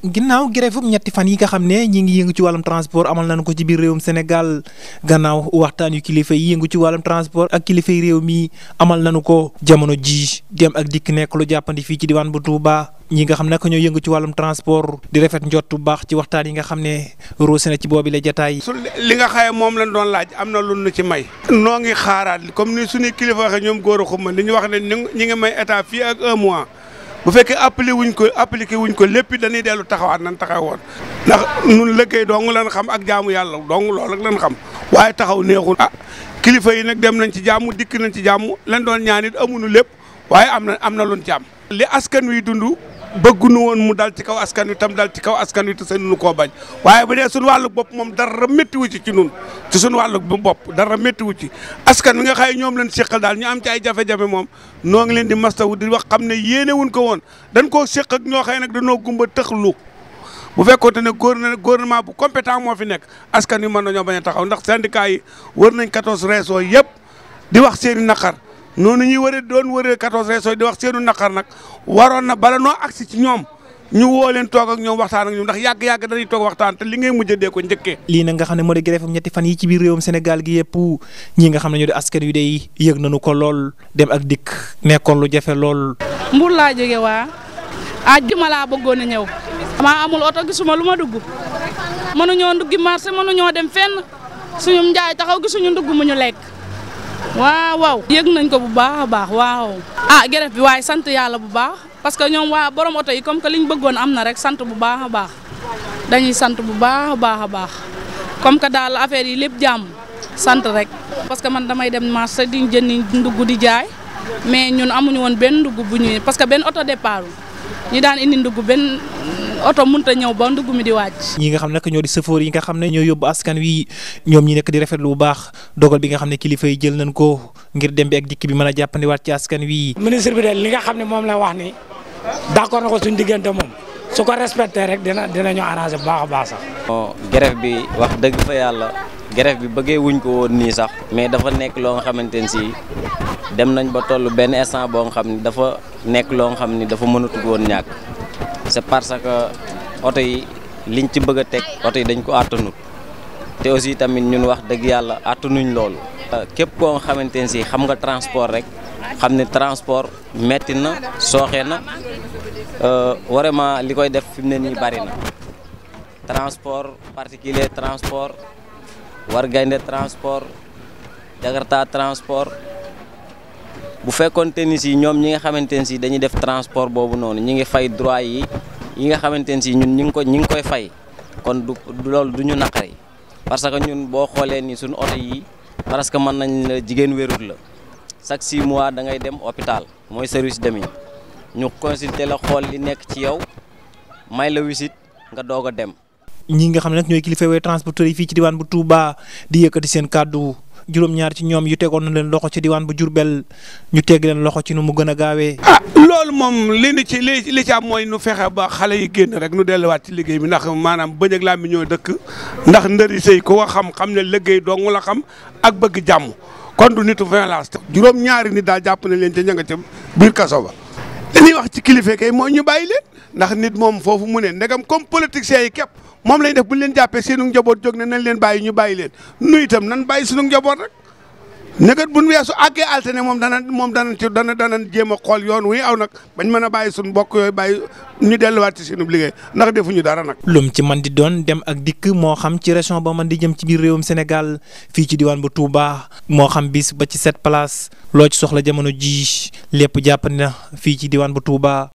ginnaaw grève ñetti fan yi nga xam ne ñi ngi yëngu ci wàllum transport amal nañu ko ci biir réewum Sénégal gannaaw waxtaan yu kilifa yi yëngu ci wàllum transport ak kilifa yi réew mi amal na nañu ko jamono ji dem ak dikk nekk lu jàppandi fii ci diwaan bu Touba ñi nga xam ne ñoo yëngu ci wàllum transport di rafet njot bu baax ci waxtaan yi nga xam ne roose na ci boobi la jataay. su li nga xaye moom lañ doon laaj am na lu ñu ci may. noo ngi xaaraat comme ni suñuy kilifa waxee ñoom góor a xuma li ñu wax ne ñu ngi may état fii mois. bu fekkee appliqué wuñ ko appliqué wuñ ko lépp dañuy dellu taxawaat nan taxawoon ndax nun lëggéey dong lan xam ak jaamu yàlla dong lool ak lan xam waaye taxaw neexul ah kilifa yi nag dem nañ ci jàmm dikk nañ ci jàmm lan doon ñaan it amuñu lépp waaye am na am na luñ ci am li askan wi dund bëgguñu woon mu dal ci kaw askan wi tam dal ci kaw askan wi te sañunu koo bañ waaye bu dee suñu wàllug bopp moom dara méttiwu ci ci nun ci suñu wàllug bu bopp dara méttiwu ci askan wi nga xaye ñoom leen séqal daal ñu am ci ay jafe-jafe moom noo ngi leen di mastawu di wax xam ne yéene wuñ ko woon dañ koo séq ak ñoo xëy nag dañoo gumba tëxlu bu fekkoonte ne gouvernement bu compétent moo fi nekk askan wi mën nañoo bañ a taxaw ndax syndicat yi wër nañ 14 régions yëpp di wax seeni naqar noonu ñuy wëree doon wëree 14 régions di wax seenu naqar nag waroon na bala noo agsi ci ñoom ñu woo leen toog ak ñoom waxtaan ak ñoom ndax yàgg-yàgg dañuy toog waxtaan te li ngay mujjee de ko njëkkee. lii nag nga xam ne moo di grève am ñetti fan yi ci biir réewum Sénégal gi yëpp ñi nga xam ne ñoo de askan wi de yëg nañu ko lool dem ak dikk nekkoon lu jafe lool. Mbour laa jege waa ma laa bëggoon a ñëw. maa amul oto gisuma lu ma dugg mënuñoo dugg marché mënuñoo dem fenn suñu njaay taxaw gisuñu ndugg mu ñu lekk waaw waaw yëg nañ ko bu baax a baax waaw ah grève bi waaye sant yàlla bu baax parce que ñoom waa borom oto yi comme que liñ bëggoon am na rek sant bu baax a baax dañuy sant bu baax a baax a baax comme que daal affaire yi lépp jàmm sant rek parce que man damay dem marché di jëndi ndugg di jaay mais ñun amuñu woon benn ndugg bu ñuy parce que benn oto départ ñu daan indi ndugg benn oto mënta ñëw ba ndugg mi di wàcc. ñi nga xam nag ñoo di sëfoor yi nga xam ne ñoo yóbbu askan wi ñoom ñi nekk di rafetlu bu baax dogal bi nga xam ne kilifa yi jël nañ ko ngir dem bi ak dikk bi mën a jàppandiwaat ci askan wi. ministre bi de li nga xam ne moom la wax ni d'accord na ko suñu diggante moom su ko respecté rek dina dina ñu arrangé bu baax a baax sax. Oh, grève bi wax dëgg fa yàlla grève bi bëggee wuñ ko woon nii sax mais dafa nekk loo nga xamante ne si dem nañ ba toll benn instant boo xam ni dafa nekk loo xam ni dafa mënatul woon ñàkk. c'est parce que oto yi ñu ci bëgg a teg oto yi dañ ko àttanut te aussi tamit ñun wax dëgg yàlla àttanuñ loolu. képp koo xamante ne si xam nga transport rek xam ne transport metti na sooxe na euh, vraiment li koy def fi mu ne nii bari na transport particulier transport Wargaynde transport Jakarta transport. bu fekkoonte ni si ñoom ñi nga xamante ne si dañuy def transport boobu noonu ñi ngi fay droit yi ñi nga xamante ne si ñun ñi ngi ko ñi ngi koy fay kon du loolu du ñu naqari parce que ñun boo xoolee ni suñu oto yi parce que mën nañ la jigéen wérut la chaque six mois da ngay dem hôpital mooy service demi ñu consulter la xool li nekk ci yow may la wisit nga doog a dem. ñi nga xam ne nag ñooy kilifa way transporteurs yi fii ci diwaan bu Touba di yëkkati seen kàddu. juróom-ñaar ci ñoom yu tegoon na leen loxo ci diwaan bu Jurbel ñu teg leen loxo ci nu mu gën a gaawee. ah loolu moom li ni ci li li ci am mooy nu fexe ba xale yi génn rek nu delluwaat ci liggéey bi ndax maanaam bëñ ak làmmiñ ñoo dëkk ndax ndëri sëy ko xam xam ne liggéey dong la xam ak bëgg jàmm kon du nitu violence. juróom-ñaari nit daal jàpp nañ leen ca ña nga ca biir kaso ba li ñuy wax ci kilifa kay mooy ñu bàyyi leen ndax nit moom foofu mu ne ndegam comme politiciens yi képp moom lañ def bu ñu leen jàppee seenu njaboot jog ne nañ leen bàyyi ñu bàyyi leen nuyu itam nan bàyyi sunu njaboot rek. nekat bu nu weesu àggee altine moom dana moom dana ci dana dana jéem a xool yoon wi aw nag bañ mën a bàyyi suñu mbokk yooyu bàyyi ñu delluwaat ci seen liggéey ndax defuñu dara nag. lum ci man di doon dem ak dikk moo xam ci région ba man di jëm ci biir réewum Sénégal fii ci diwaan bu Touba moo xam bis ba ci sept place loo ci soxla jamono ji lépp jàpp na fii ci diwaan bu Touba.